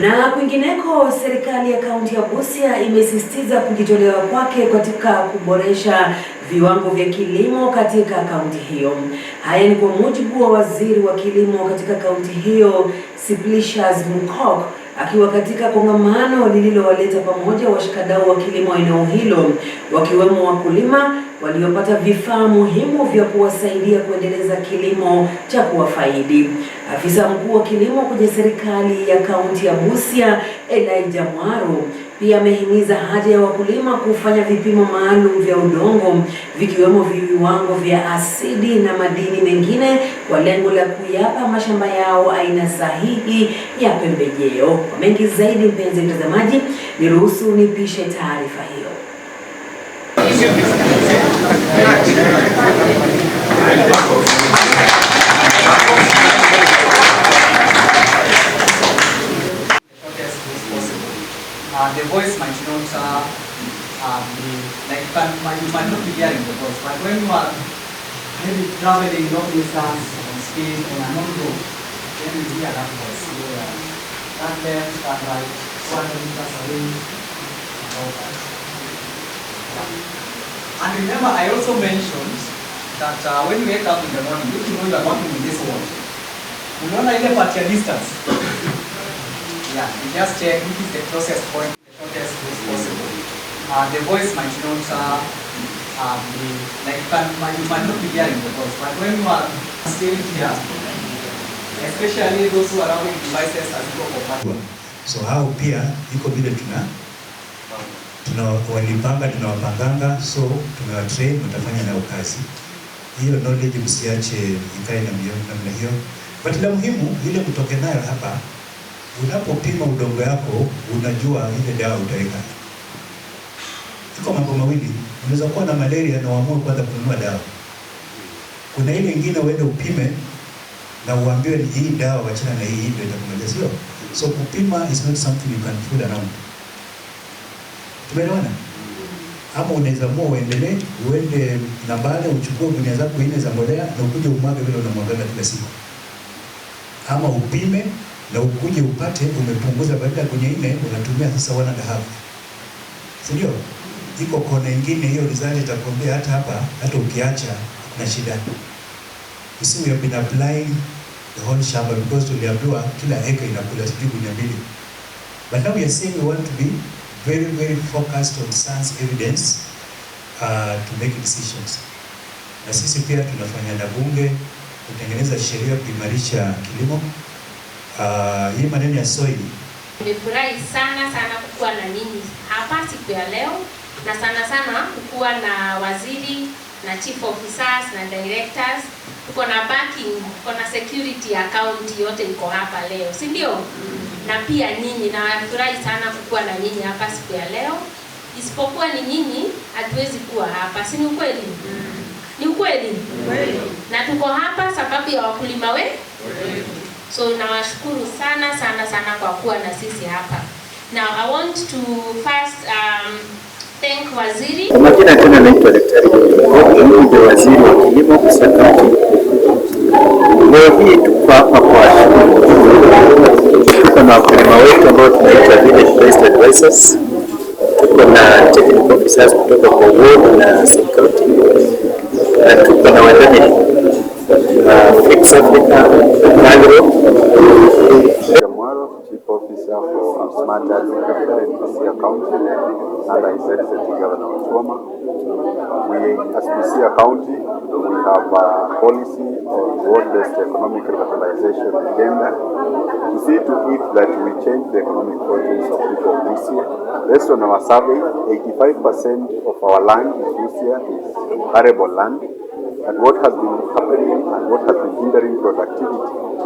Na kwingineko, serikali ya kaunti ya Busia imesisitiza kujitolewa kwake katika kuboresha viwango vya kilimo katika kaunti hiyo. Haya ni kwa mujibu wa waziri wa kilimo katika kaunti hiyo Siplicius Mukok akiwa katika kongamano lililowaleta pamoja washikadau wa kilimo eneo hilo wakiwemo wakulima waliopata vifaa muhimu vya kuwasaidia kuendeleza kilimo cha kuwafaidi. Afisa mkuu wa kilimo kwenye serikali ya kaunti ya Busia, Elijah Mwaro, pia amehimiza haja ya wakulima kufanya vipimo maalum vya udongo vikiwemo viwango vya asidi na madini mengine kwa lengo la kuyapa mashamba yao aina sahihi ya pembejeo. Kwa mengi zaidi, mpenzi mtazamaji, niruhusu nipishe taarifa hiyo. Uh, the voice might not uh, uh, be like, but might, you might not be hearing the voice. But when you are maybe traveling long distance on speed on a long road, then you hear that voice. You hear that left, that right, one meters away, and all that. Yeah. And remember, I also mentioned that uh, when we wake up in the morning, you know you are working in this world, unaona ile part your distance. Yeah, you just check which is the closest point, the shortest place possible. Uh, the voice might not uh, uh, be, like, you, can, you might not be hearing the voice, but when you are still here, especially those who are having devices as you go for So hao pia iko vile tuna tunawalipanga tunawapanganga, so tumewatrain, mtafanya nayo kazi hiyo. Knowledge msiache ikae na mioyo namna hiyo, but la muhimu ile kutoke nayo hapa, unapopima udongo yako unajua ile dawa utaweka. Iko mambo mawili, unaweza kuwa na malaria na uamue kwanza kununua dawa. Kuna ile ingine uende upime na uambiwe hii dawa wachana na hii, ndio itakumalizia. So kupima is not something you can fool around. Umeona? Ama unaweza mua uendelee uende na baada uchukue gunia zako nne za mbolea na ukuje umwage vile unamwaga kila siku. Ama upime na ukuje upate umepunguza baada ya gunia nne unatumia sasa wana dhahabu. Si ndio? Iko kona nyingine hiyo result itakwambia hata hapa hata ukiacha kuna shida. Usiwe you have been applying the whole shamba because tuliambiwa kila heka inakula sijui gunia mbili. But now we are saying we want to be very, very focused on science evidence uh, to make decisions. Na sisi pia tunafanya na bunge kutengeneza sheria kuimarisha kilimo. Uh, hii maneno ya soil. Nimefurahi sana sana kukuwa na nini hapa siku ya leo na sana sana kukuwa na waziri na chief officers na directors. Tuko na banking, tuko na security account yote iko hapa leo, si ndio? na pia ninyi, na nafurahi sana kukuwa na nyinyi hapa siku ya leo. Isipokuwa ni nyinyi, hatuwezi kuwa hapa, si ni ukweli? Ni ukweli, na tuko hapa sababu ya wakulima we. So nawashukuru sana sana sana kwa kuwa na sisi hapa. Now I want to first um, thank waziri. Kwa majina tena naitwa Daktari Mmoja, waziri wa kilimo Kusaka. Leo hii tuko hapa kwa na wakulima wetu ambao tunaita village based advisors. Tuko na technical officers kutoka kwa ward na security, na tuko na wadhamini Fix Africa matters affecting Busia County and I said Deputy Governor Choma. We, as Busia County, we have a policy on world-based economic revitalization agenda to see to it that we change the economic fortunes of people of Busia. Based on our survey, 85% of our land in Busia is arable land and what has been happening and what has been hindering productivity